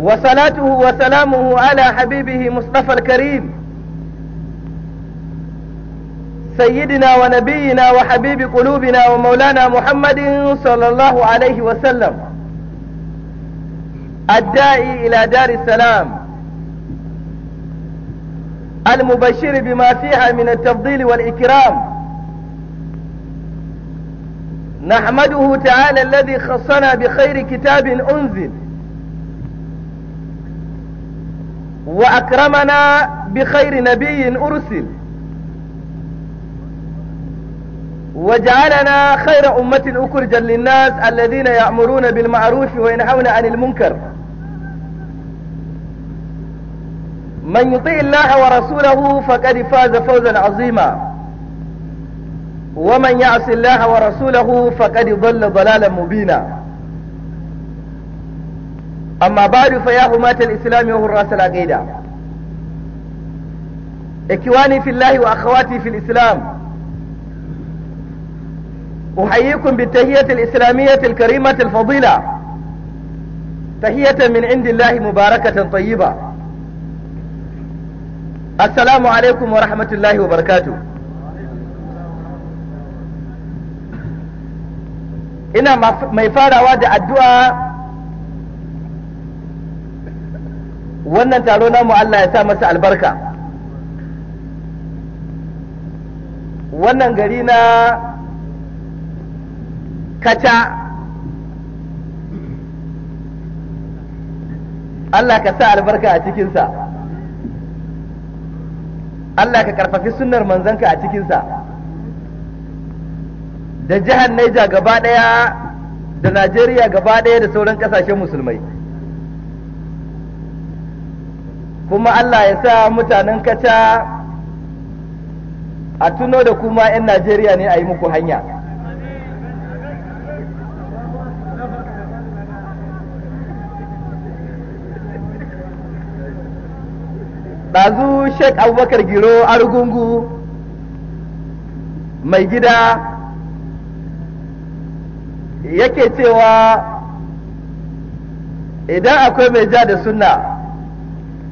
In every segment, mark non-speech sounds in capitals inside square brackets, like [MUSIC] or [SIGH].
وصلاته وسلامه على حبيبه مصطفى الكريم سيدنا ونبينا وحبيب قلوبنا ومولانا محمد صلى الله عليه وسلم الداعي إلى دار السلام المبشر بما فيها من التفضيل والإكرام نحمده تعالى الذي خصنا بخير كتاب أنزل وأكرمنا بخير نبي أرسل وجعلنا خير أمة أكرجا للناس الذين يأمرون بالمعروف وينهون عن المنكر من يطيع الله ورسوله فقد فاز فوزا عظيما ومن يعص الله ورسوله فقد ضل ضلالا مبينا أما بعد فيا حماة الإسلام وحراس العقيدة إخواني في الله وأخواتي في الإسلام أحييكم بالتهية الإسلامية الكريمة الفضيلة تهية من عند الله مباركة طيبة السلام عليكم ورحمة الله وبركاته إنما ما يفعل da addu'a wannan taro namu Allah ya sa masa albarka wannan gari na kaca Allah ka sa albarka a cikinsa Allah ka karfafi sunnar manzanka a cikinsa da jihar Naija gaba ɗaya da Najeriya gaba ɗaya da sauran ƙasashen musulmai kuma Allah ya sa mutanen kaca a tuno da kuma 'yan Najeriya ne a yi muku hanya ɗazu Sheikh Abubakar Giro Argungu mai gida yake cewa idan akwai mai ja da sunna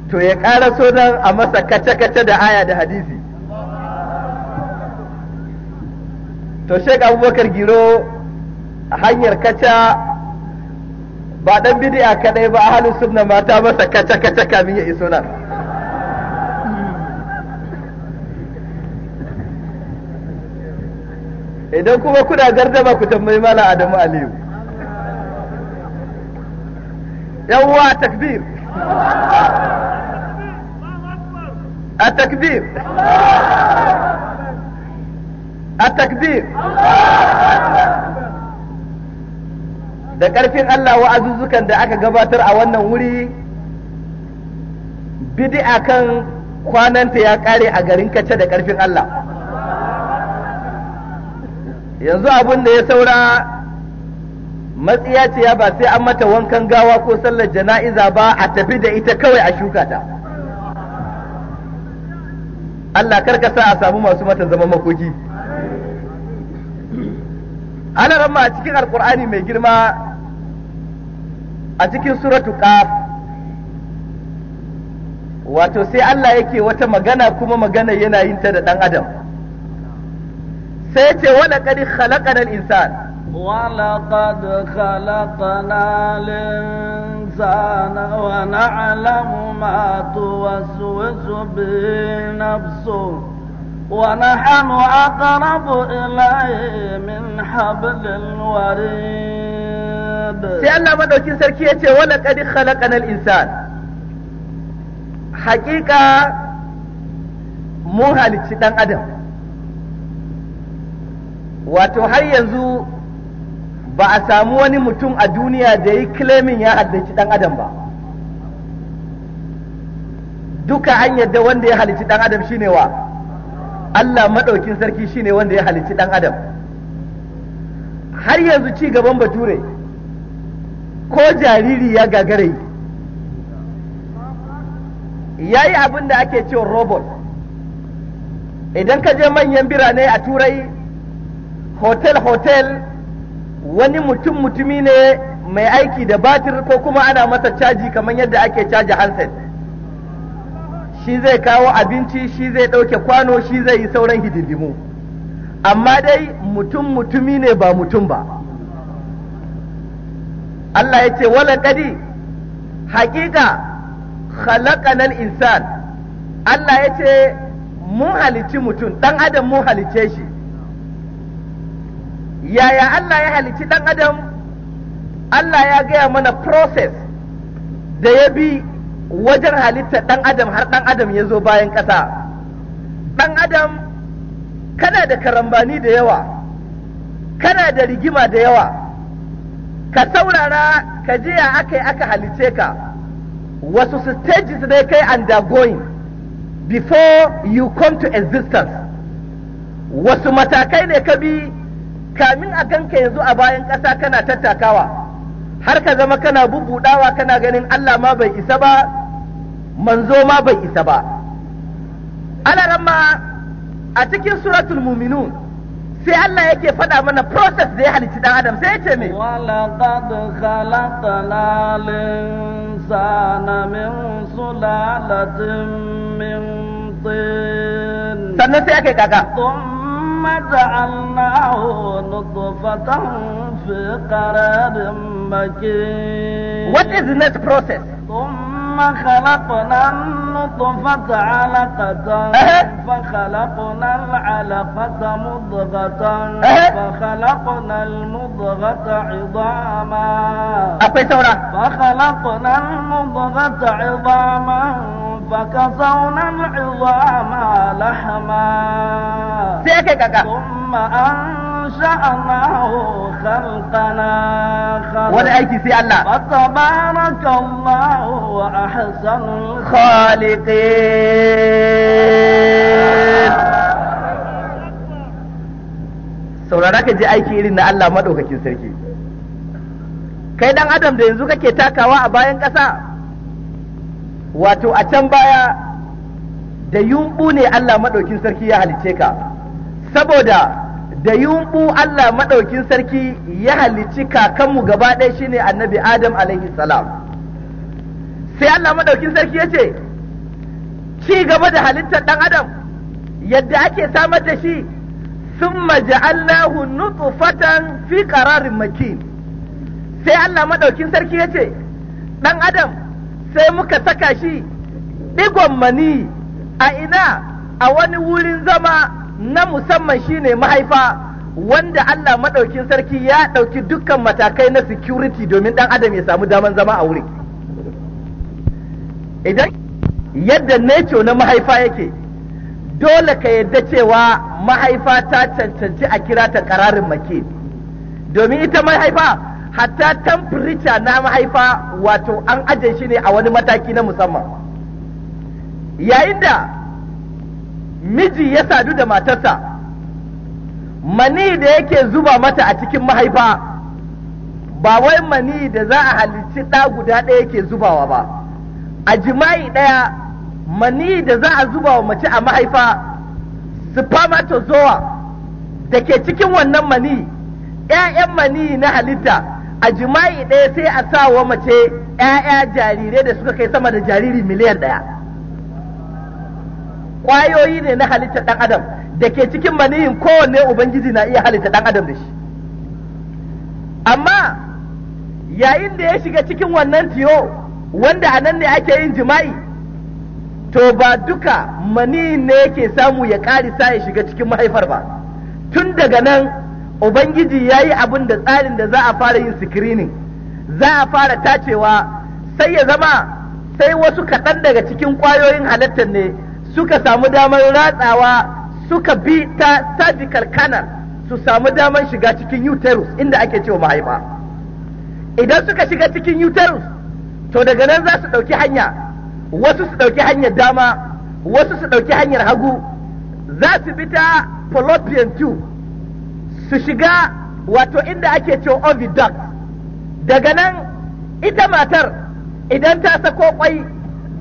to ya ƙara sunan a masa kace-kace da aya da hadisi to shek abubakar giro hanyar kaca ba ɗan bidi'a kaɗai ba ahalus sunna mata masa kace-kace kamin ya iso nan idan kuma kuna gardama ku tambayi mala adamu aliyu yawwa takbir التكذيب التكذيب da ƙarfin Allah wa'azuzzukan da aka gabatar a wannan wuri bid'a kan kwananta ya ƙare a garin kace da ƙarfin Allah yanzu abin da ya saura matsiya ce ya ba sai an mata wankan gawa ko sallar jana'iza ba a tafi da ita kawai a shuka ta Allah karka sa a samu masu mata zama makoki ana ramma a cikin alkur'ani mai girma a cikin suratu qaf wato sai Allah yake wata magana kuma magana yana yin ta da ɗan adam sai ya ce wala qad khalaqana insana ولقد خلقنا الإنسان ونعلم ما توسوس به نفسه ونحن أقرب إليه من حبل الوريد sai Allah madaukin sarki ya ce wala kadi khalaqana al-insan haƙiƙa mun ɗan adam wato har yanzu ba a samu wani mutum a duniya da yi kilemin ya halicci dan adam ba duka an yadda wanda ya halicci dan adam shine wa Allah maɗaukin sarki shine wanda ya halicci dan adam har yanzu ci gaban bature ko jariri ya gagare ya yi abin da ake cewa robot idan ka je manyan birane a turai hotel-hotel wani mutum mutumi ne mai aiki da batir ko kuma ana masa caji kamar yadda ake caji handset shi zai kawo abinci shi zai ɗauke kwano shi zai yi sauran hididimu. amma dai mutum mutumi ne ba mutum ba Allah ya ce wala kadi haƙiƙa khalaqanal insan Allah ya ce mun halicci mutum ɗan adam mun halicce shi yaya Allah ya halici ɗan adam Allah ya gaya mana process da ya bi wajen halittar ɗan adam har ɗan adam ya zo bayan ƙasa ɗan adam kana da karambani da yawa kana da rigima da yawa ka saurara ka je ya aka yi aka halice ka wasu stages ne kai undergoing before you come to existence wasu matakai ne ka bi kamin a kanka yanzu a bayan ƙasa kana tattakawa har ka zama kana bubuɗawa kana ganin Allah ma bai isa ba manzo ma bai isa ba ma a cikin suratul muminun sai Allah yake faɗa mana process da ya halicci dan adam sai yace me walaqad min sulalatin min sannan sai ake kaka ثم جعلناه نطفة في قرار مكين What is the next process? ثم خلقنا النطفة علقة فخلقنا العلقة مضغة فخلقنا المضغة عظاما فخلقنا المضغة عظاما فكسونا العظام لحما ثم أنشأناه خلقنا خلقا ولا سي الله فتبارك الله أحسن الخالقين saurara ka je aiki irin na Allah madaukakin sarki kai dan adam da yanzu kake takawa a bayan ƙasa wato a can baya da yumbu ne Allah maɗaukin sarki ya halice ka saboda da yumbu Allah maɗaukin sarki ya halici kakanmu gaba ɗaya shine annabi Adam alaihi salam sai Allah maɗaukin sarki ya ce ci gaba da halittar ɗan adam yadda ake samar da shi sun maja'allahu nutfatan fi ƙararin makin sai Allah maɗaukin sarki ya ce ɗan adam sai muka saka shi ɗigon mani a ina a wani wurin zama na musamman shi ne mahaifa wanda Allah maɗaukin sarki ya ɗauki dukkan matakai na security domin ɗan adam ya samu daman zama a wurin idan yadda neco na mahaifa yake dole ka yadda cewa mahaifa ta cancanci a kira ta ƙararin make domin ita mahaifa hatta temperature na mahaifa wato an aje shi ne a wani mataki na musamman yayin da miji ya sadu da matarsa mani da yake zuba mata a cikin mahaifa ba wai mani da za a halicci ɗa guda ɗaya yake zubawa ba a jima'i ɗaya mani da za a zuba wa mace a mahaifa spermatozoa da ke cikin wannan mani ‘ya'yan mani na halitta a jima'i ɗaya sai a sa wa mace ‘ya'ya jarirai da suka kai sama da jariri miliyan ɗaya ƙwayoyi ne na halittar ɗan adam da ke cikin maniyin kowanne ubangiji na iya halitta ɗan adam da shi amma yayin da ya shiga cikin wannan tiyo wanda a nan ne ake yin jima'i to ba duka maniyin ne yake samu ya ƙarisa ya shiga cikin mahaifar ba tun daga nan ubangiji ya yi abin da tsarin da za a fara yin screening za a fara tacewa sai ya zama sai wasu kaɗan daga cikin ƙwayoyin halittar ne suka samu damar ratsawa suka bi ta surgical canal su samu damar shiga cikin uterus inda ake cewa mahaifa idan suka shiga cikin uterus to daga nan za su ɗauki hanya wasu su ɗauki hanyar dama wasu su ɗauki hanyar hagu za su bi ta fallopian tube su shiga wato inda ake ce oviduct daga nan ita matar idan ta sako kwai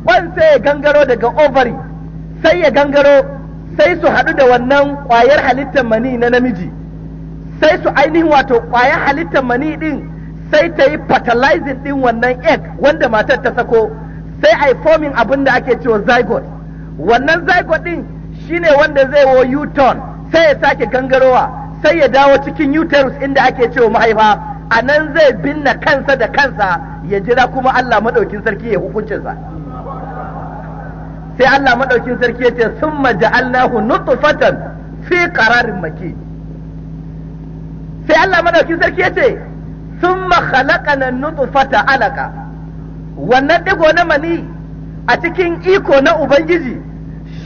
kwan sai ya gangaro daga ovary sai ya gangaro sai su haɗu da wannan kwayar halittar mani na namiji sai su ainihin wato kwayar halittar mani din sai ta yi fertilizing din wannan egg wanda matar ta sako sai a yi forming abin da ake cewa zygote wannan zygote din shine wanda zai wo u-turn sai ya sake gangarowa sai ya dawo cikin uterus inda ake cewa mahaifa a nan zai binne kansa da kansa ya jira kuma Allah maɗaukin sarki ya hukuncinsa sai Allah maɗaukin sarki ya ce sun maja'alnahu nutfatan fi qararin maki sai Allah maɗaukin sarki ya ce sun makhalaqana nutfata alaka wannan digo na mani a cikin iko na ubangiji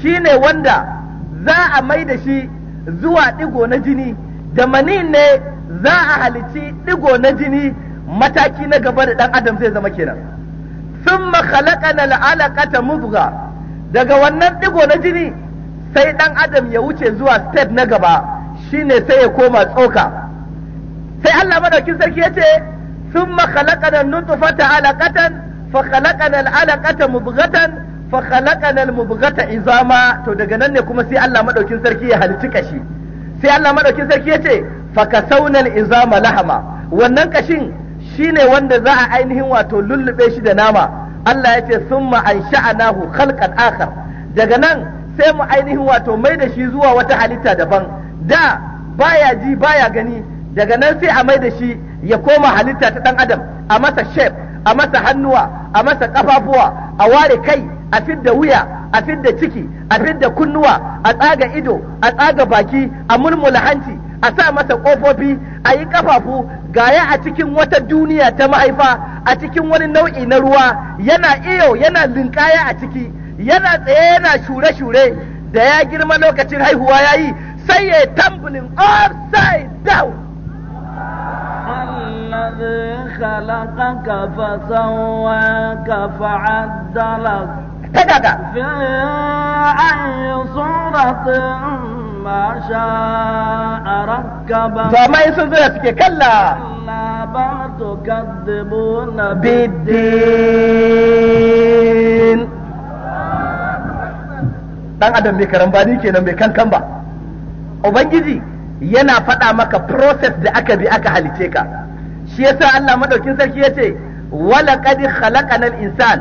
shine wanda za a mai da shi zuwa ɗigo na jini da mani ne za a halici ɗigo na jini mataki na gaba da ɗan adam zai zama kenan Sun na la'alaka ta mudgha daga wannan ɗigo na jini sai ɗan adam ya wuce zuwa step na gaba shi ne sai ya koma tsoka sai Allah madaukin sarki ya ce yace thumma khalaqana nutfata alaqatan fa khalaqana al'alaqata mudghatan fa khalaqanal mubghata izama to daga nan ne kuma sai Allah madaukin sarki ya halici kashi sai Allah madaukin sarki ya ce fa kasawnal izama lahama wannan kashin shine wanda za a ainihin wato lullube shi da nama Allah ya ce summa ansha'nahu khalqan akhar daga nan sai mu ainihin wato mai da shi zuwa wata halitta daban da baya ji baya gani daga nan sai a mai da shi ya koma halitta ta dan adam a masa shape a masa hannuwa a masa kafafuwa a ware kai a fidda wuya a fidda ciki a fidda kunnuwa a tsaga ido a tsaga baki a mulmula hanci a sa masa kofofi a yi kafafu gaya a cikin wata duniya ta mahaifa a cikin wani nau'i na ruwa yana iyo yana linkaya a ciki yana tsaye yana shure-shure da ya girma lokacin haihuwa ya yi sai ya tambulin upside down الذي خلقك فسواك فعدلك كذا في أي صورة ما شاء ركبا فما يسوزك dan adam mai ni kenan mai kankan ba ubangiji yana faɗa maka process da aka bi aka halice ka shi yasa Allah madaukin sarki yace wala qad khalaqana al-insan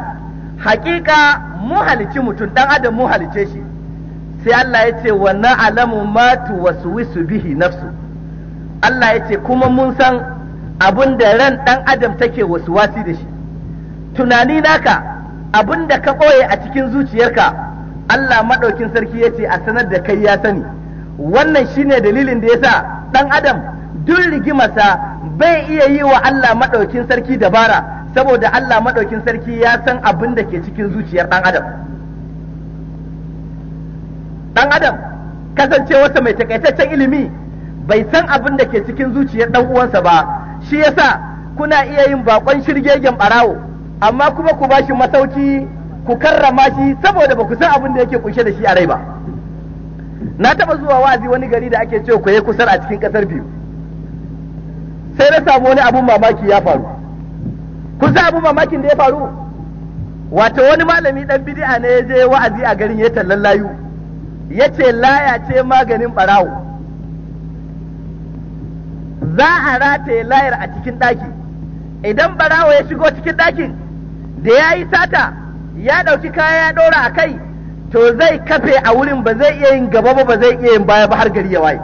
hakika mu halici mutum dan adam mu halice shi sai Allah ya ce alamu matu ma wisu bihi nafsu Allah ya ce kuma mun san abin da ran dan adam take wasuwasi da shi tunani naka abin da ka ɓoye a cikin zuciyarka Allah maɗaukin sarki ya ce a sanar da kai ya sani wannan shine dalilin da ya sa dan adam duk rigimarsa bai iya yi wa Allah maɗaukin sarki dabara saboda Allah maɗaukin sarki ya san abin da ke cikin zuciyar ɗan adam ɗan adam kasancewarsa mai takaitaccen ilimi bai san abin da ke cikin zuciyar ɗan uwansa ba shi yasa kuna iya yin bakon shirgegen barawo, amma kuma ku bashi masauki ku karrama shi saboda ba ku san abin da yake kunshe da shi a rai ba na taɓa zuwa wa'azi wani gari da ake cewa yi kusar a cikin ƙasar biyu sai na samu wani abin mamaki ya faru kun sa abu mamakin da ya faru wato wani malami dan bid'a ne ya je wa'azi a garin ya tallan layu ya ce laya ce maganin barawo za a rataye layar a cikin ɗaki idan barawo ya shigo cikin ɗakin da ya yi sata ya ɗauki kaya ya ɗora a kai to zai kafe a wurin ba zai iya yin gaba ba ba zai iya yin baya ba har gari ya waye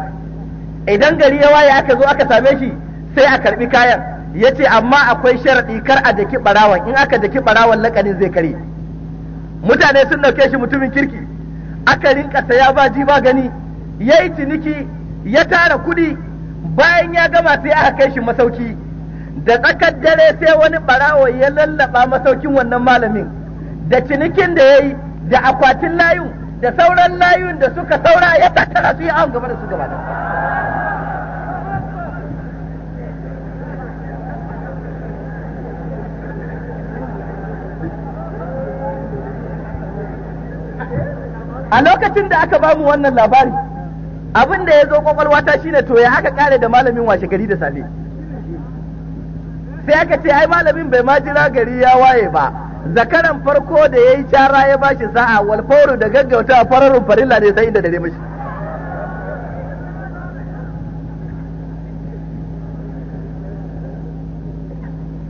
idan gari ya waye aka zo aka same shi sai a karbi kayan Ya ce amma akwai sharaɗi kar a jaki ɓarawan in aka jaki ɓarawan lakanin zai kare mutane sun dauke shi mutumin kirki aka rinka saya ba ji ba gani yi ciniki ya tara kuɗi, bayan ya gama sai aka kai shi masauki da tsakar dare sai wani barawo ya lallaba masaukin wannan malamin da cinikin da ya yi, da akwatin layu da sauran layun da suka saura ya tattara su ya gaba da su gaba a lokacin da aka bamu wannan labari abin da ya zo kwakwalwata shine to ya aka kare da malamin washe gari da safe sai aka ce ai malamin bai ma jira gari ya waye ba zakaran farko da ya yi cara ya bashi sa'a wal fauru da gaggauta fararun farilla ne sai inda dare mashi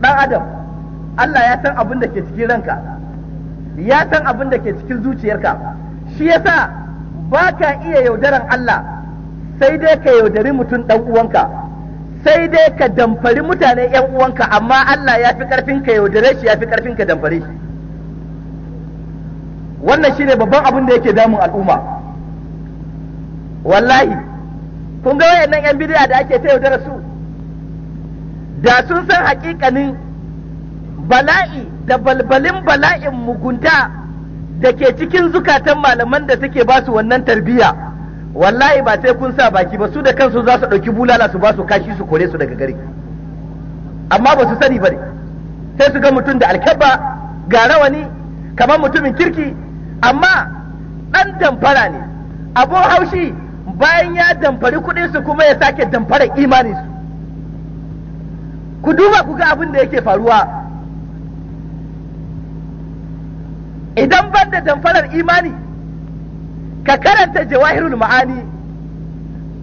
dan adam Allah ya san abin da ke cikin ranka ya san abin da ke cikin zuciyarka shi yasa ba ka iya yaudaran Allah sai dai ka yaudari mutum ɗan uwanka sai dai ka damfari mutane ‘yan uwanka amma Allah ya fi ƙarfin ka yaudare shi ya fi ƙarfin ka damfari shi wannan shine babban abin da yake damun al'umma wallahi kun ga wayannan ‘yan bidiya da ake ta yaudara su da sun san haƙiƙanin bala'i da balbalin bala'in mugunta da ke cikin zukatan malaman da suke ba su wannan tarbiyya wallahi ba sai kun sa baki ba su da kansu za su ɗauki bulala su ba su kashi su kore su daga gari. amma ba su sani ba ne sai su ga mutum da alkaba ga rawani kamar mutumin kirki amma ɗan damfara ne abu haushi bayan ya damfari su kuma ya sake damfarar imaninsu ku duba ku ga abin da yake faruwa idan ban da damfarar imani ka karanta jawahirul ma'ani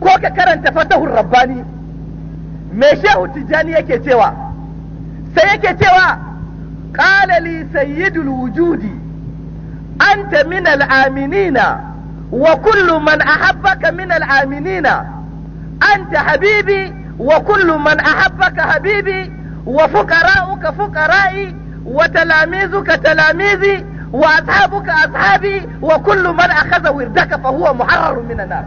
ko ka karanta fatahun rabbani me shehu tijjani yake cewa sai yake cewa ƙalali, li sayyidul wujudi anta min aminina wa kullu man ahabbaka min al-aminina anta habibi wa kullu man ahabbaka habibi wa fuqara'uka fuqara'i wa talamizuka talamizi wa ashabuka ashabi wa kullu man akhadha wirdaka fa huwa muharrarun minan nar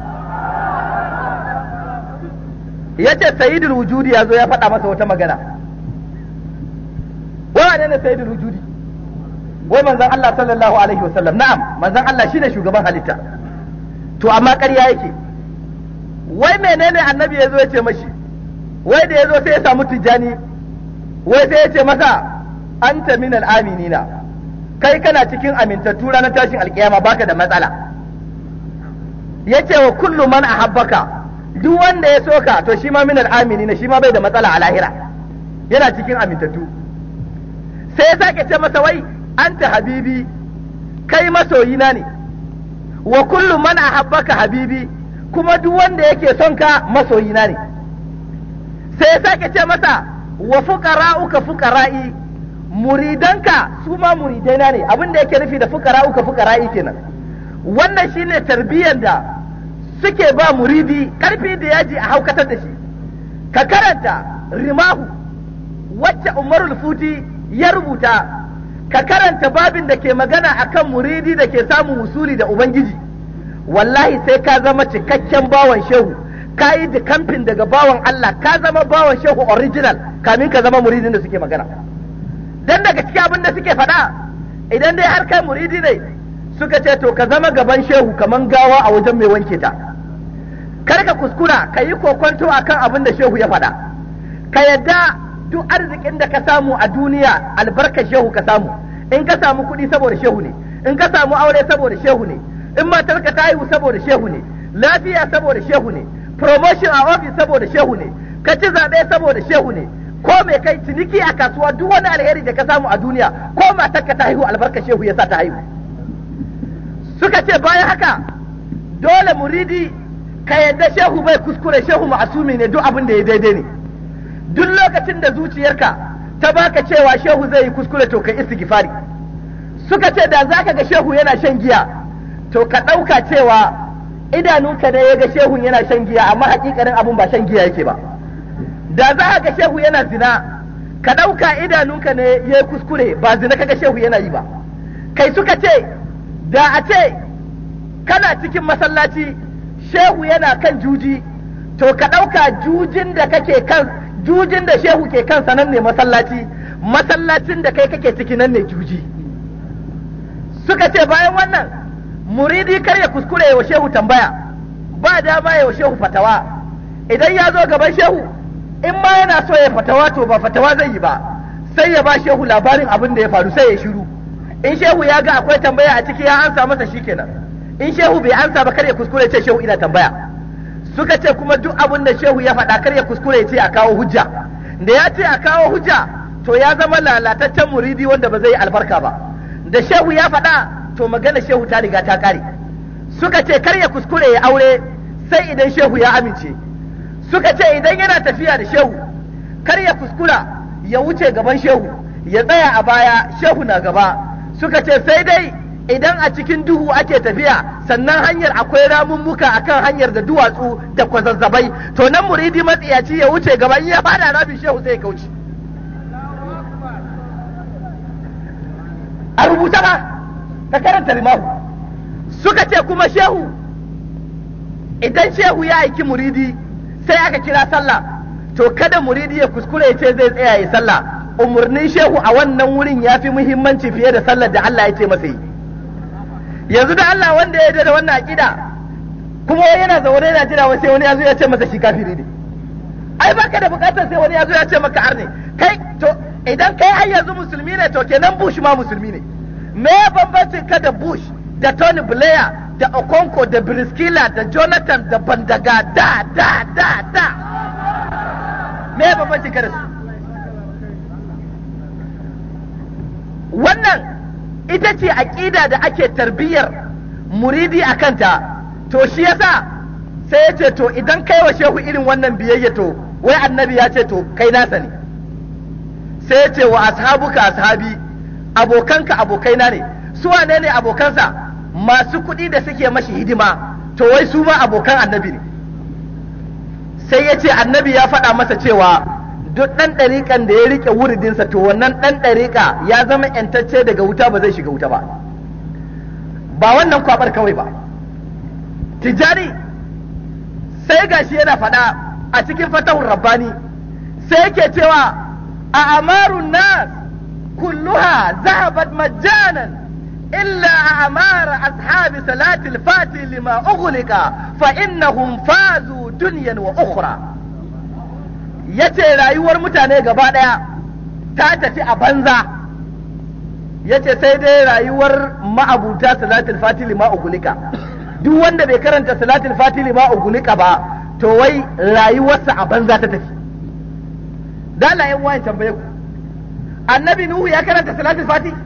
yace sayyidul wujudi yazo ya faɗa masa wata magana wa ne ne sayyidul wujudi wai manzon Allah sallallahu alaihi wasallam na'am manzon Allah shine shugaban halitta to amma ƙarya yake wai menene annabi yazo ya ce mashi wai da yazo sai ya samu Tijjani? wai sai ya ce masa anta minal aminina kai kana cikin amintattu ranar tashin alkiyama baka da matsala yace wa kullu man ahabbaka duk wanda ya soka to shi ma minal amini ne shi ma bai da matsala a lahira yana cikin amintattu sai ya sake ce masa wai anta habibi kai masoyina ne wa kullu man ahabbaka habibi kuma duk wanda yake son ka masoyina ne sai ya sake ce masa wa fuqara'uka fuqara'i muridanka su ma muridaina ne abin da yake nufi da fukara uka fukara'i kenan wannan shine tarbiyyar da suke ba muridi karfi da yaji a haukatar da shi ka karanta rimahu wacce umarul futi ya rubuta ka karanta babin da ke magana akan muridi da ke samun wusuli da ubangiji wallahi sai ka zama cikakken bawan shehu ka yi da kamfin daga bawan Allah ka zama bawan shehu original kamin ka zama muridin da suke magana dan daga cikin abin da suke faɗa idan dai har kai muridi ne suka ce to ka zama gaban shehu kaman gawa a wajen mai wanke ta kar ka kuskura ka yi kokonto akan abin da shehu ya faɗa ka yadda duk arzikin da ka samu a duniya albarkar shehu ka samu in ka samu kuɗi saboda shehu ne in ka samu aure saboda shehu ne in matarka ta haihu saboda shehu ne lafiya saboda shehu ne promotion a office saboda shehu ne ka ci zaɓe saboda shehu ne ko mai kai ciniki a kasuwa duk wani alheri da ka samu a duniya ko matarka ta haihu albarka shehu ya sa ta haihu suka ce bayan haka dole muridi ka yadda shehu bai kuskure shehu ma'asumi ne duk abin da ya daidai ne duk lokacin da zuciyarka ta baka cewa shehu zai yi kuskure to ka istighfari suka ce da zaka ga shehu yana shan giya to ka ɗauka cewa idanunka ne ya ga Shehu yana shan giya amma hakikanin abun ba shan giya yake ba da za ka shehu yana zina ka ɗauka idanunka ne ya kuskure ba zina kaga shehu yana yi ba kai suka ce da a ce kana cikin masallaci shehu yana kan juji to ka ɗauka jujin da kake kan jujin da shehu ke kansa nan ne masallaci masallacin da kai kake ciki nan ne juji suka ce bayan wannan muridi kar ya kuskure wa shehu tambaya ba dama ya wa shehu fatawa idan ya zo gaban shehu in ma yana so ya fatawa to ba fatawa zai yi ba sai ya ba shehu labarin abin da ya faru sai ya shiru in shehu ya ga akwai tambaya a ciki ya ansa masa shi kenan in shehu bai ansa ba kar ya kuskure ce shehu ina tambaya suka ce kuma duk abin da shehu ya faɗa kar ya kuskure ce a kawo hujja da ya ce a kawo hujja to ya zama lalataccen muridi wanda ba zai yi albarka ba da shehu ya faɗa to magana shehu ta riga ta kare suka ce kar ya kuskure ya aure sai idan shehu ya amince suka ce idan yana tafiya da shehu kar ya kuskura ya wuce gaban shehu ya tsaya a baya shehu na gaba suka ce sai dai idan a cikin duhu ake tafiya sannan hanyar akwai ramummuka akan hanyar da duwatsu da kwazazzabai to nan muridi matsiyaci ya wuce gaban ya fada rabin shehu sai ya kauce a rubuta ba ta karanta rimahu suka ce kuma shehu idan shehu ya aiki muridi sai aka kira sallah to kada muridi ya kuskure ce zai tsaya ya sallah umurnin shehu a wannan wurin ya fi muhimmanci fiye da sallar da Allah ya ce masa yi yanzu da Allah wanda ya da wannan akida kuma yana zaune yana jira sai wani ya zo ya ce masa shi kafiri ne ai baka da bukatar sai wani ya zo ya ce maka arne kai to idan kai har yanzu musulmi ne to kenan Bush ma musulmi ne me bambancin ka da Bush da Tony Blair da Okonko da Briskila da Jonathan da Bandaga da da da da me ya bambanci ka da su wannan ita ce aƙida da ake tarbiyyar muridi a kanta to shi yasa sai ya ce to idan kai wa shehu irin wannan biyayya to wai annabi ya ce to kai nasa ne sai ya ce wa ashabuka ashabi abokanka abokaina ne su wane ne abokansa masu kuɗi da suke mashi hidima to wai su ma abokan annabi ne sai ya ce annabi ya faɗa masa cewa duk ɗan ɗariƙan da ya riƙe wuridinsa to wannan ɗan ɗariƙa ya zama ‘yantacce daga wuta ba zai shiga wuta ba ba wannan kwabar kawai ba tijari sai gashi yana faɗa a cikin fatahun rabbani sai yake cewa a amarun nas kulluha zahabat majanan. إلا أمار أصحاب صلاة الفاتح لما أغلق فإنهم فازوا دنيا وأخرى yace rayuwar mutane gaba ɗaya ta tafi a banza yace sai dai rayuwar ma'abuta salatul fatili ma ugulika duk wanda bai karanta salatul fatili ma ugulika ba to wai rayuwarsa a banza ta tafi dala yan waye tambaye ku annabi nuhu ya karanta salatul fatili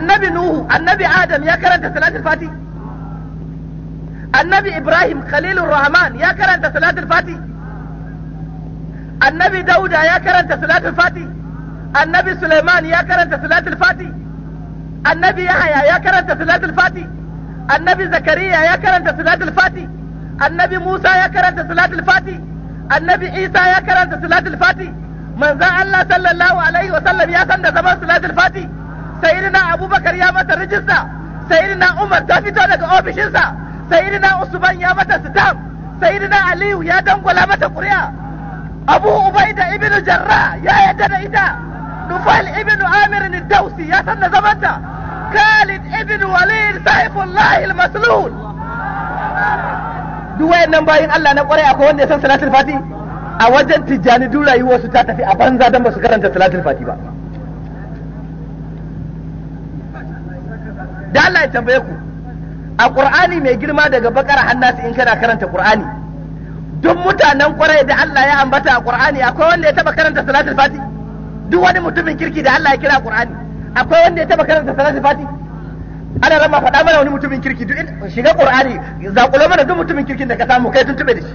annabi nuhu annabi adam ya karanta salatul fati annabi ibrahim khalilur rahman ya karanta salatul fati annabi dauda ya karanta salatul fati annabi suleiman ya karanta salatul fati annabi yahaya ya karanta salatul fati annabi zakariya ya karanta salatul fati annabi musa ya karanta salatul fati annabi isa ya karanta salatul fati manzon allah sallallahu alaihi wasallam ya san da zaman salatul fati sayyidina abubakar ya mata rijista sayyidina umar ta fito daga ofishinsa sayyidina usman ya mata sitam sayyidina aliyu ya dangwala mata ƙuri'a abu ubaida ibnu jarra ya yadda da ita Nufal ibnu amir dausi ya san zamanta khalid ibnu walid saifullahi maslul duk wayannan bayin Allah na ƙwarai akwai wanda ya san salatul fati a wajen tijjani duk rayuwarsu ta tafi a banza don ba su karanta salatul fati ba da Allah ya tambaye ku a Qur'ani mai girma daga bakara hannasi in kana karanta Qur'ani duk mutanen kwarai da Allah ya ambata a Qur'ani akwai wanda ya taba karanta salatul fati duk wani mutumin kirki da Allah ya kira Qur'ani akwai wanda ya taba karanta salatul fati ana rama faɗa mana wani mutumin kirki duk shiga Qur'ani zakulo mana duk mutumin kirkin da ka samu kai tun tube da shi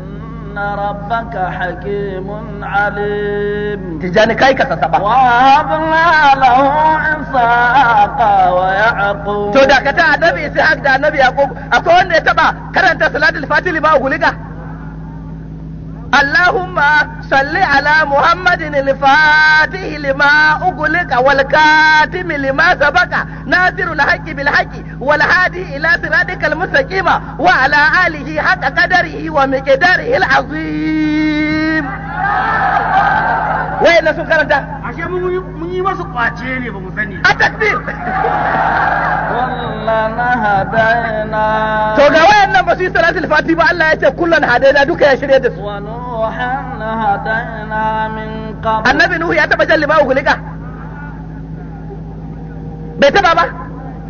inna rabbaka hakimun alim tijani kai ka sasaba wa habna lahu isaqa to da ka ta annabi ishaq da annabi akwai wanda ya taɓa karanta salatul fatili ba guliga اللهم صل على محمد الفاتح لما أغلق والكاتم لما سبق ناصر الحق بالحق والهادي إلى صراطك المستقيم وعلى آله حق قدره ومقداره العظيم وين سكرت ashe mun yi masu kwace ne ba mu sani a tafi to ga nan ba su yi salatul fati ba Allah ya ce kullan hadaina duka ya shirye da su min qabl annabi nuhu ya taba jalliba ugulika bai taba ba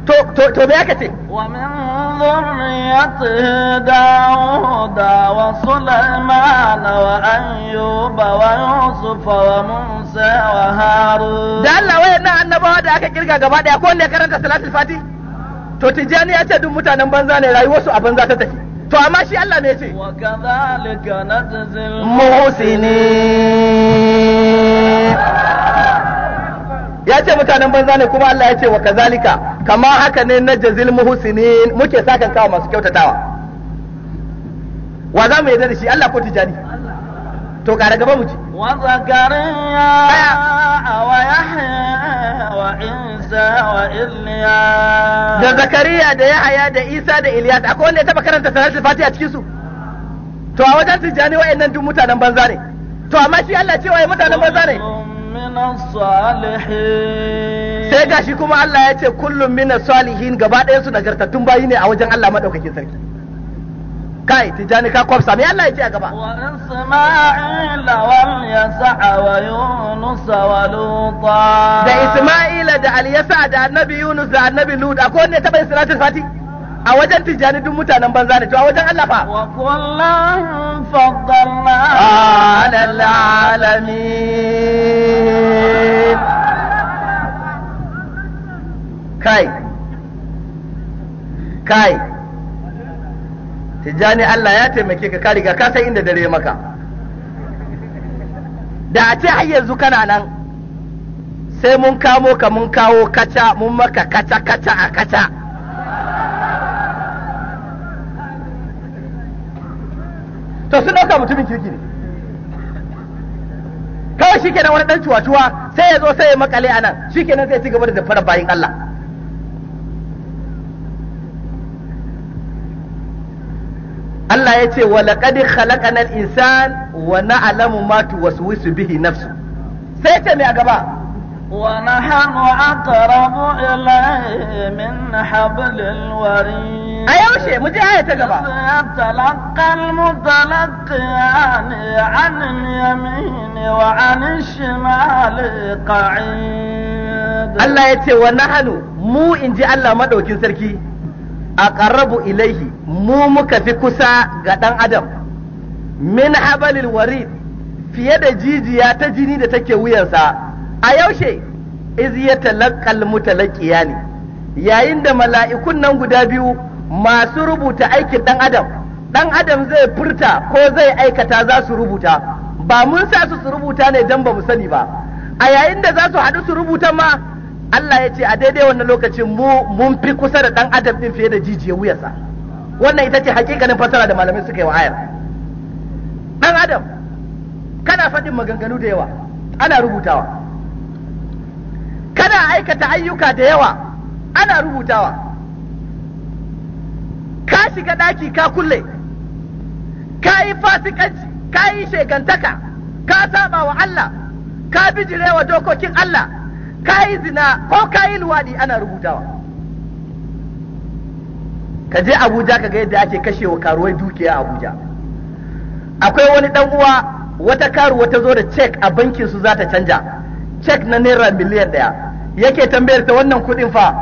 to to to me aka ce wa min dhurriyyati dauda wa sulaiman wa ayyuba wa yusuf wa musa wa harun da Allah na annabawa da aka kirga gaba daya ko wanda ya karanta salatul fati to tijani ya ce duk mutanen banza ne rayuwarsu a banza ta tafi to amma shi Allah ya ce wa kadhalika najzil muhsinin ya ce mutanen banza ne kuma Allah ya ce wa kazalika kama haka ne na jazil muhsinin muke sakan kawo masu kyautatawa wa za mu yarda da shi Allah ko tijani to kare gaba mu ci wa zakariya wa yahya wa isa wa da zakariya da yahya da isa da iliya akwai wanda ya taba karanta sanatul fatiha cikin su to a wajen tijani wa'annan duk mutanen banza ne to amma shi Allah wa ya mutanen banza ne minas salihin sai gashi kuma Allah ya ce kullum mina salihin gaba ɗaya su nagartattun bayi ne a wajen Allah maɗaukakin sarki kai tijani ka kwafsa me Allah ya ce a gaba wa isma'ila wal wa yunus wa luta da isma'ila da al yasa da annabi yunus da annabi lut akwai ne taba salatul fati a wajen tijjani duk mutanen banza ne to a wajen Allah fa wa faddalna ala alamin kai kai tijjani Allah ya taimake ka ka riga ka san inda dare maka da a ce har yanzu kana nan sai mun kamo ka mun kawo kaca mun maka kaca kaca a kaca to sun ɗauka mutumin kirki ne kawai shi kenan wani ɗan cuwa-cuwa sai ya zo sai ya makale a nan shi kenan sai ci gaba da dafarar bayin Allah Allah ya ce walaƙad khalaqanal insan wa na'lamu ma tuwaswisu bihi nafsu sai ce mai a gaba wa nahnu aqrabu ilayhi min hablil warid a yau ce muje ta gaba talaqqal mutalaqqiyan an yamin wa an shimal qa'id Allah ya ce wa nahnu mu inji Allah madaukin sarki aqarrabu ilaihi mu muka fi kusa ga dan adam min habalil warid fiye da jijiya ta jini da take wuyansa a yaushe iz yatalaqal mutalaqiyani yayin da mala'ikun nan guda biyu masu rubuta aikin dan adam dan adam zai furta ko zai aikata za su rubuta ba mun sa su rubuta ne dan ba mu sani ba a yayin da za su haɗu su rubuta ma Allah ya ce a daidai wannan lokacin mun fi kusa da dan adam din fiye da jijiyar wuyarsa wannan ita ce hakikanin fasara da malamai suka yi wa ayar dan adam kana faɗin maganganu da yawa ana rubutawa kana aikata ayyuka da yawa ana rubutawa ka shiga ɗaki ka kulle ka yi fasikanci ka yi shegantaka ka saba wa Allah ka bijirewa dokokin Allah kayi zina ko kayi yi luwaɗi ana rubutawa ka je abuja ka ga yadda ake kashe wa karuwai dukiya abuja akwai wani dan uwa wata karuwa ta zo da cek a bankin su za ta canja cek na naira miliyan ɗaya yake tambayar ta wannan kuɗin fa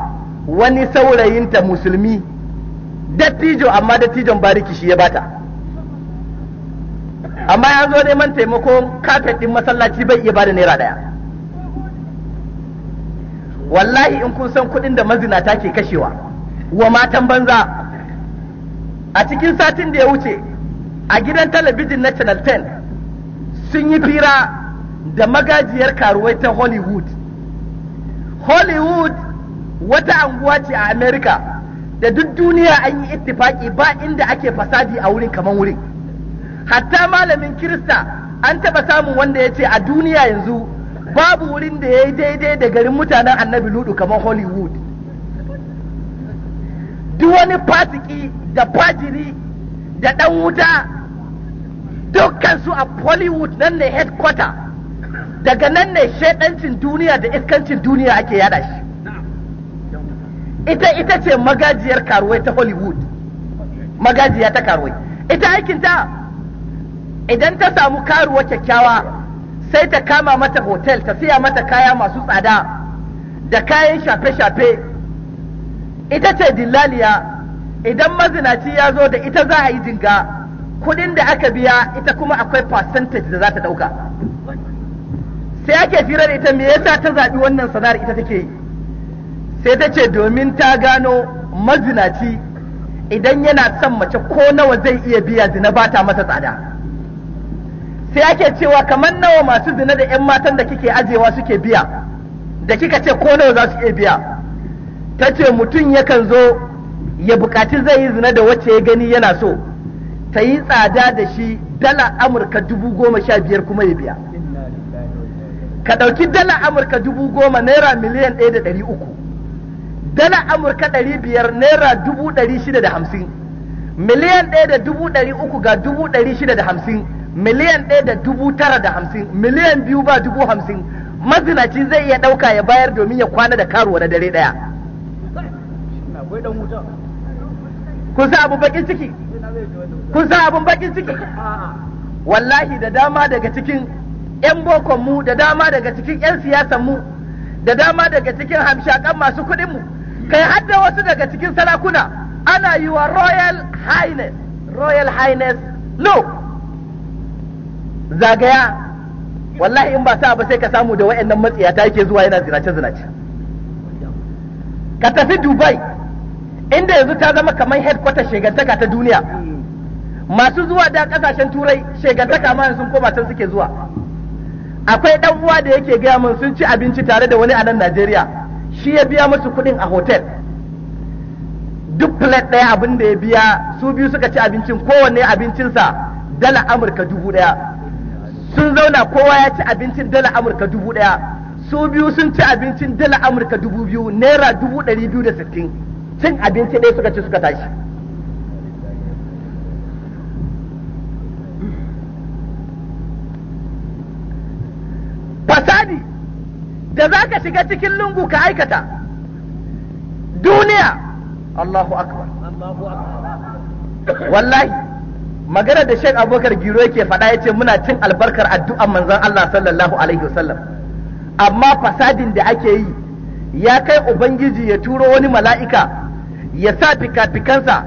wani saurayinta musulmi dattijo amma dattijon bariki shi ya bata amma ya zo neman taimakon kafet ɗin masallaci bai iya bada naira ɗaya wallahi in kun san kuɗin da mazinata ke kashewa wa matan banza a cikin satin da ya wuce a gidan talabijin na channel 10 sun yi fira da magajiyar karuwai ta hollywood hollywood wata anguwa ce a america da duk duniya an yi ittifaki ba inda ake fasadi a wurin kamar wurin hatta malamin kirista an taɓa samun wanda ya ce a duniya yanzu babu wurin da ya yi daidai da garin mutanen annabi ludu kamar hollywood duk wani fasiki da fajiri da ɗan wuta dukkan su a hollywood nan ne headquarter daga nan ne shaidancin duniya da iskancin duniya ake yada shi ita ita ce magajiyar karuwai ta hollywood magajiya ta karuwai ita aikinta idan ta samu karuwa kyakkyawa sai ta kama mata hotel ta siya mata kaya masu tsada da kayan shafe-shafe ita ce dillaliya idan mazinaci ya zo da ita za a yi jinga kudin da aka biya ita kuma akwai percentage da za ta dauka sai ake fira da ita me yasa ta zaɓi wannan sana'ar ita take yi sai ta ce domin ta gano mazinaci idan yana son mace ko nawa zai iya biya zina ba ta masa tsada sai ake cewa kamar nawa masu zina da 'yan matan da kike ajewa suke biya da kika ce ko nawa za su iya biya ta ce mutum yakan zo ya bukaci zai yi zina da wacce ya gani yana so ta yi tsada da shi dala amurka dubu goma sha biyar kuma ya biya ka ɗauki dala amurka dubu goma naira miliyan ɗaya da ɗari uku dala amurka ɗari biyar naira dubu ɗari shida da hamsin miliyan ɗaya da dubu ɗari uku ga dubu ɗari shida da hamsin miliyan ɗaya da dubu tara da hamsin miliyan biyu ba dubu hamsin mazinaci zai iya ɗauka ya bayar domin ya kwana da karuwa na dare ɗaya kun sa abun bakin ciki kun sa abun bakin ciki wallahi da dama daga cikin 'yan bokon mu da dama daga cikin 'yan siyasan mu da dama daga cikin hamshakan masu kuɗin mu kai hadda wasu daga cikin sarakuna ana yi wa royal highness royal highness no zagaya wallahi in ba sa ba sai ka samu da wayannan matsiyata yake zuwa yana zinace zinace ka tafi dubai inda yanzu ta zama kamar headquarter shegantaka ta duniya masu zuwa da kasashen turai shegantaka ma sun koma can suke zuwa akwai dan uwa da yake gaya min sun ci abinci tare da wani a nan najeriya shi ya biya musu kuɗin a hotel duk plate ɗaya abin da ya biya su biyu suka ci abincin kowanne abincinsa dala amurka dubu ɗaya sun zauna kowa ya ci abincin dala amurka dubu ɗaya su biyu sun ci abincin dala amurka dubu biyu naira dubu ɗari biyu da sittin cin abinci ɗaya suka ci suka tashi fasadi da za ka shiga cikin lungu ka aikata duniya Allahu akbar wallahi magana da shek abokar Giro yake faɗa yace muna cin albarkar addu'an manzon Allah sallallahu alaihi wasallam amma fasadin da ake yi ya kai ubangiji ya turo wani mala'ika ya sa fika-fikansa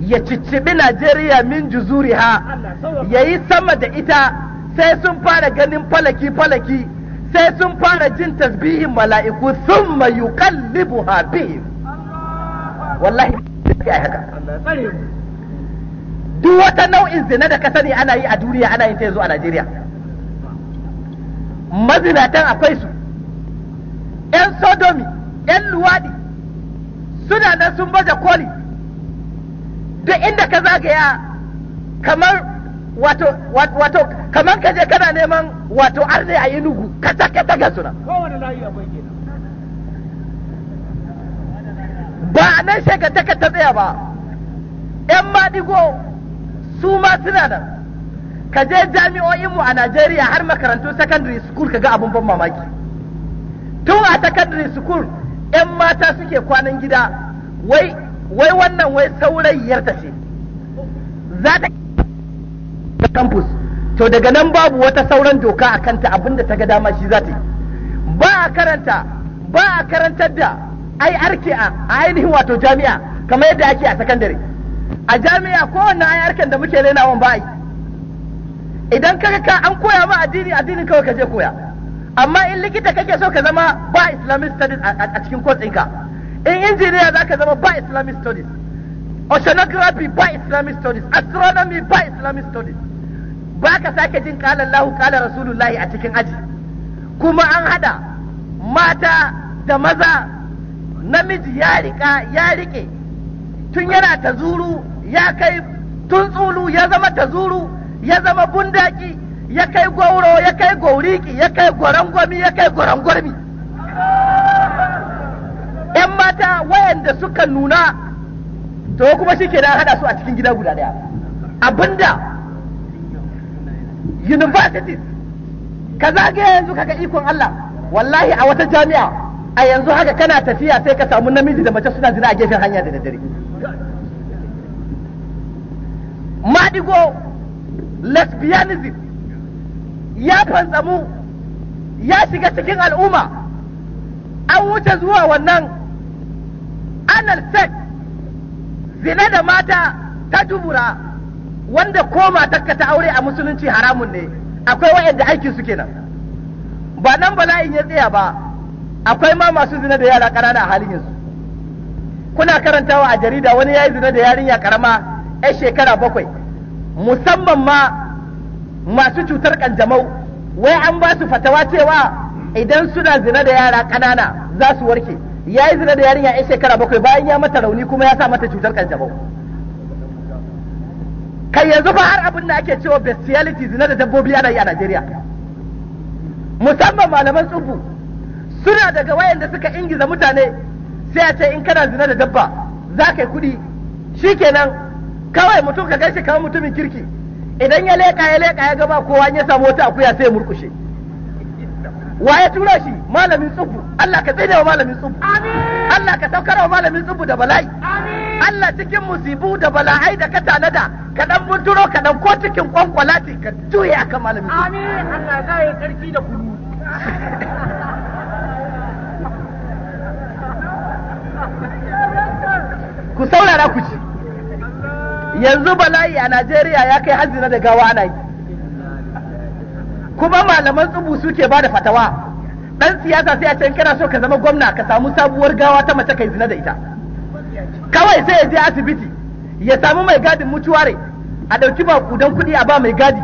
ya ciccibi Najeriya min ha ya yi sama da ita sai sun fara ganin falaki-falaki sai sun fara jin tasbihin mala'iku sun mayu libu bihim wallahi haka duk wata nau'in zina da ka sani ana yi a duniya ana yin ta yanzu a Najeriya mazinatan akwai su ‘yan sodomi ‘yan luwadi suna nan sun baje koli duk inda ka zagaya kamar wato wato kamar ka kana neman wato arne a inugu take ta ga suna ba a nan shekata ka ta tsaya ba ‘yan maɗigo su ma suna nan ka je jami'o'inmu a Najeriya har makarantu secondary school ka ga abun ban mamaki tun a secondary school 'yan mata suke kwanan gida wai wai wannan wai saurayiyarta ce za ta campus to daga nan babu wata sauran doka a kanta abinda ta ga dama shi za ta yi ba a karanta ba a karantar da ai arke a ainihin wato jami'a kamar yadda ake a sakandare a jami'a kowane wannan harkar da muke lenawan bayi idan kaga ka an koya ma addini addinin kawai ka je koya amma in likita kake so ka zama ba islamic studies a cikin course ɗinka in injiniya za ka zama ba islamic studies oceanography ba islamic studies astronomy ba islamic studies ba ka sake jin kalan lahu kalan rasulullahi a cikin aji kuma an hada mata da maza namiji ya rika ya rike tun yana ta zuru ya kai tun ya zama ta zuru ya zama bundaki ya kai gauro ya kai gauriki ya kai gwarangwami ya kai gwarangwami yan mata wayanda suka nuna to kuma shi ke hada su a cikin gida guda daya abinda universities ka zagaya yanzu kaga ikon Allah wallahi a wata jami'a a yanzu haka kana tafiya sai ka samu namiji da mace suna zina a gefen hanya da daddare maɗigo lesbianism ya fantsamu ya shiga cikin al'umma an wuce zuwa wannan anal sex zina da mata ta dubura wanda ko matakka ta aure a musulunci haramun ne akwai wayanda aikin suke nan. ba nan bala'in ya tsaya ba akwai ma masu zina da yara ƙanana a halin yanzu kuna karantawa a jarida wani ya yi zina da yarinya karama 'yan shekara bakwai musamman ma masu cutar kanjamau wai an ba su fatawa cewa idan suna zina da yara ƙanana za su warke ya yi zina da yarinya 'yan shekara bakwai bayan ya mata rauni kuma ya sa mata cutar kanjamau kai yanzu fa har abin da ake cewa bestiality zina da dabbobi ana yi a Najeriya musamman malaman tsubu suna daga wayanda suka ingiza mutane sai a ce in kana zina da dabba za ka yi kuɗi kenan kawai mutum ka gaishe kamar mutumin kirki idan ya leƙa ya leƙa ya gaba kowa ya samu wata akuya sai ya murkushe wa ya tura shi malamin tsubu Allah ka tsaye wa malamin tsubu Allah ka saukar wa malamin tsubu da bala'i Allah cikin musibu da bala'ai da ka tanada ka dan bunturo ka dan ko cikin kwankwalati ka juye akan malamin tsubu amin Allah ya karfi da Kudu. [LAUGHS] ku saurara ku ci yanzu bala'i a Najeriya ya kai hazina da gawa ana yi kuma malaman tsubu suke ba da fatawa dan siyasa sai a can kira so ka zama gwamna ka samu sabuwar gawa ta mace kai zina da ita kawai sai ya je asibiti ya samu mai gadin mutuware a ɗauki ba kudan kuɗi a ba mai gadi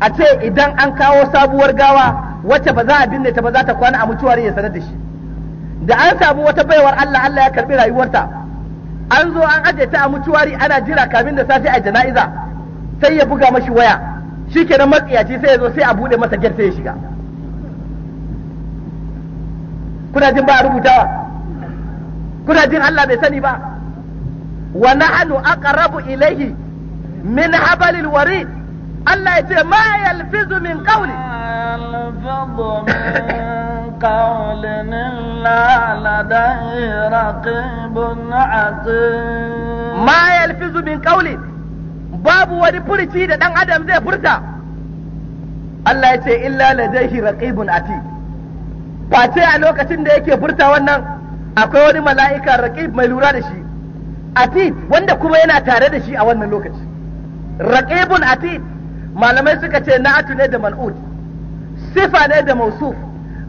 a ce idan an kawo sabuwar gawa wacce ba za a binne ta ba za ta kwana a mutuware ya sanar da shi da an samu wata baiwar Allah Allah ya karbi rayuwarta an zo an aje ta a mutuwari ana jira kamin da safe a jana'iza sai ya buga mashi waya shi shikenan matsiyaci sai ya zo sai a bude masa gyar sai ya shiga kuna jin ba a rubutawa kuna jin Allah bai sani ba wa nahnu aqrabu ilayhi min habalil warid Allah ya ce ma yalfizu min qawli قول إلا لديه رقيب عتيد ما يلفظ من قول babu wani furci da ɗan adam zai furta Allah ya ce illa ladaihi face a lokacin da yake furta wannan akwai wani mala'ika raqib mai lura da shi ati wanda kuma yana tare da shi a wannan lokaci raqibun ati malamai suka ce na'atu ne da mal'ud sifa ne da mausuf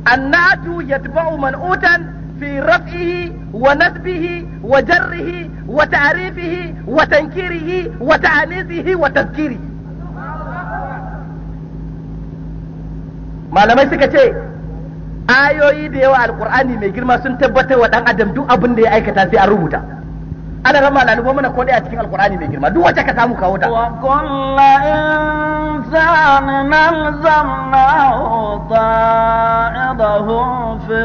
annatu yatba'u man'utan في رفعه ونسبه وجره وتعريفه وتنكيره وتعنيفه وتذكيره malamai suka ce ayoyi da yawa alkur'ani mai girma sun tabbatar wa ɗan adam duk abin da ya aikata sai an rubuta ana rama lalubo mana ko a cikin alkur'ani mai girma duk wacce ka samu kawo ta wa kullu insanin alzamnahu ta'idahu fi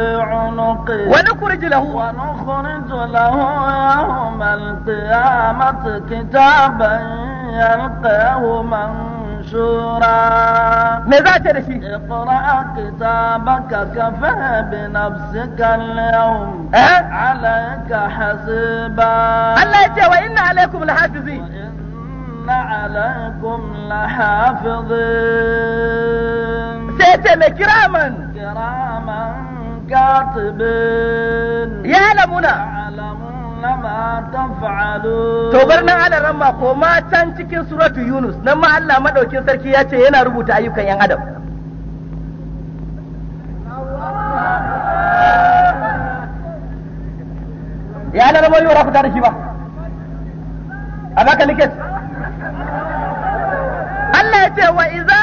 unuqi wa nukhrij lahu wa nukhrij lahu yawmal qiyamati kitaban yalqahu man منشورا اقرأ كتابك كفى بنفسك اليوم أه؟ عليك حسيبا الله يجي وإن عليكم لحافظين وإن عليكم لحافظين سيتم كراما كراما كاتبين يعلمون يعلمون to bar nan ana ramma ko ma can cikin suratu yunus nan ma Allah madaukin sarki ya ce yana rubuta ayyukan yan adam ya ana ramar yau rafuta da shi ba a baka likit Allah ya ce wa iza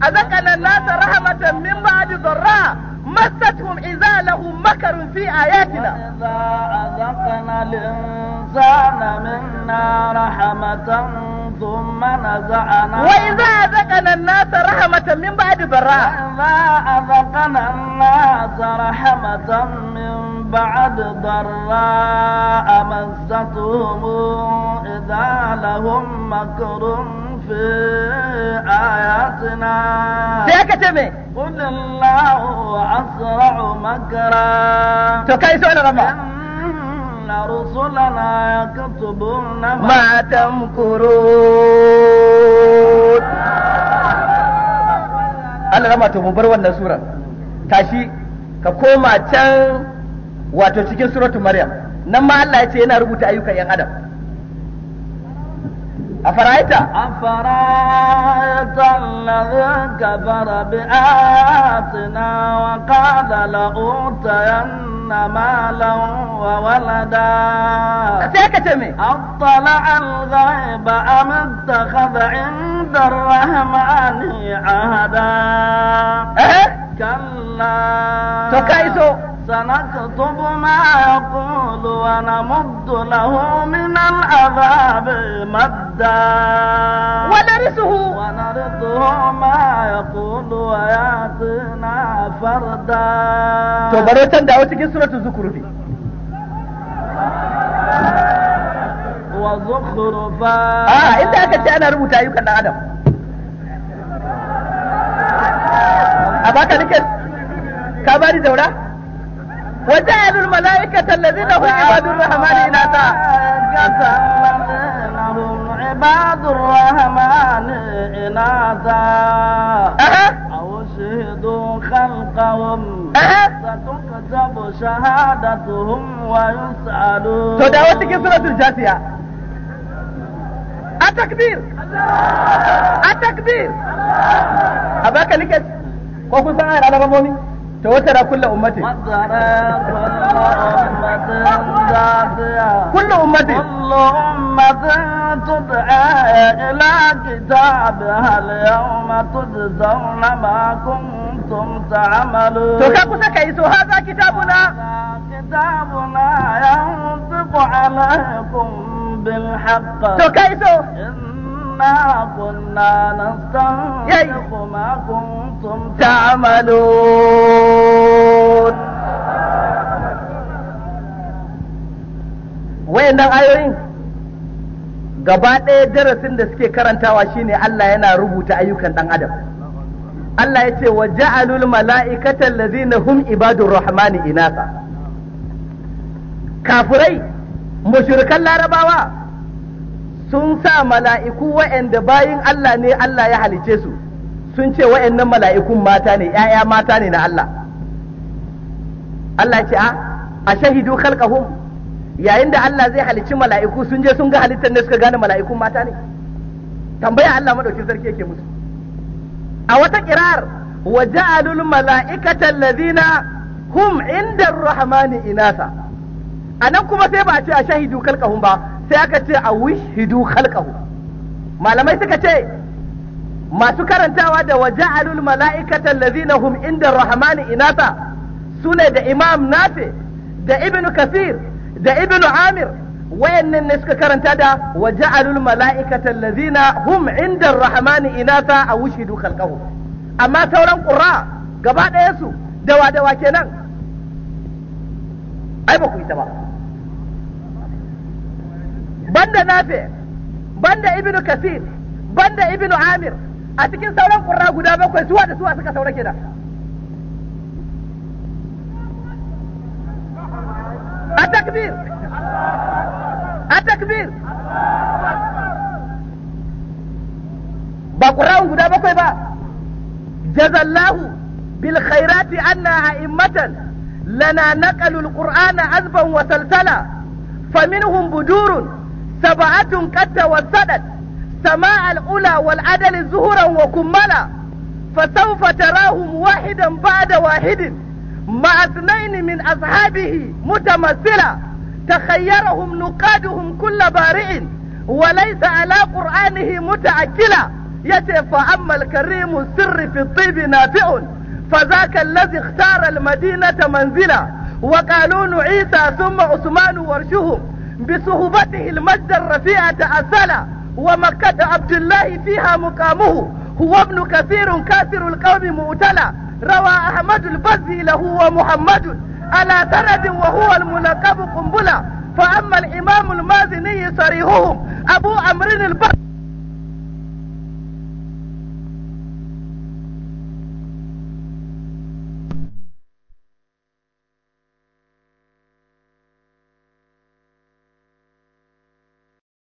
a zakanan nasa rahmatan min ba'di zarra مستهم إذا له مكر في آياتنا وإذا أذقنا الإنسان منا رحمة ثم نزعنا وإذا أذقنا الناس رحمة من بعد ضراء وإذا أذقنا الناس رحمة من بعد ضراء مستهم إذا لهم مكر في آياتنا قل الله أسرع مكرا تكاي سؤال رمى إن رسلنا يكتبون ما تمكرون Allah rama to mu bar wannan surar tashi ka koma can wato cikin suratu Maryam nan ma Allah ya ce yana rubuta ayyukan 'yan Adam أفرأيت أفرأيت الذي كفر بآياتنا وقال لأوتين مالا وولدا أطلع الغيب أم اتخذ عند الرحمن عهدا كلا تكايسو سنكتب ما يقول ونمد له من العذاب مدا ونرثه ونرثه ما يقول ويأتينا فردا تو bare can dawo cikin suratul zukhrufi wa zukhrufa ah inda ce ana rubuta ayyukan dan adam a baka nake ka bari daura وجعلوا الملائكة الذين هم عباد الرحمن إناثا الذين هم عباد الرحمن إناثا أو شهدوا خلقهم ستكتب شهادتهم ويسألون تدعوتك سورة الجاثية التكبير التكبير أباك لك ko kun san ayar alamomi توتر كل أمة كل أمة كل أمة تدعى إلى كتابها اليوم تجزون ما كنتم تعملون تكابوس كيسو هذا كتابنا كتابنا ينطق عليكم بالحق تكيسو إنا كنا نستنطق ما كنتم تعملون waɗannan ayoyin gaba ɗaya darasin da suke karantawa shine Allah yana rubuta ayyukan ɗan adam Allah ya ce wa ja'alul mala'ikata allazina hum ibadur rahmani inasa kafirai mushrikan larabawa sun sa mala'iku wa'anda bayin Allah ne Allah ya halice su sun ce wa'annan mala'ikun mata ne ‘ya'ya mata ne na Allah Allah ce a ah, a shahidu khalqahum yayin da Allah zai halicci mala'iku sun je sun ga halittar ne suka gane mala'ikun mata ne tambaya Allah madaukin sarki yake musu a wata kirar wa ja'alul mala'ikata allazina hum inda rahmani inasa anan kuma sai ba a ce a shahidu kalqahum ba sai aka ce a wishidu kalqahum malamai suka ce masu karantawa da wa ja'alul mala'ikata allazina hum inda rahmani inasa sune da imam nafi da ibnu kasir da ibnu amir wayannan ne suka karanta da wa ja'alul mala'ikata allazina hum inda ar-rahmani inatha aw ushidu khalqahu amma sauran qurra gaba ɗaya su dawa dawa kenan ai ba ku yi ta ba banda nafi banda ibnu kasir banda ibnu amir a cikin sauran qurra guda bakwai su da su suka saura kenan التكبير التكبير بقراهم قدا بكوي با جزى الله بالخيرات أن أئمة لنا نقلوا القرآن عذبا وسلسلا فمنهم بدور سبعة قد توسدت سماء الأولى والعدل زهرا وكملا فسوف تراهم واحدا بعد واحد مع اثنين من أصحابه متمثلة تخيرهم نقادهم كل بارئ وليس على قرآنه متأكلا يتي فأما الكريم السر في الطيب نافع فذاك الذي اختار المدينة منزلا وقالون عيسى ثم عثمان ورشهم بصهوبته المجد الرفيع تأسلا ومكة عبد الله فيها مقامه هو ابن كثير كاثر القوم مؤتلا روى أحمد البزي له ومحمد على سند وهو الملقب قنبلة فأما الإمام المازني صريحهم أبو عمرو البزي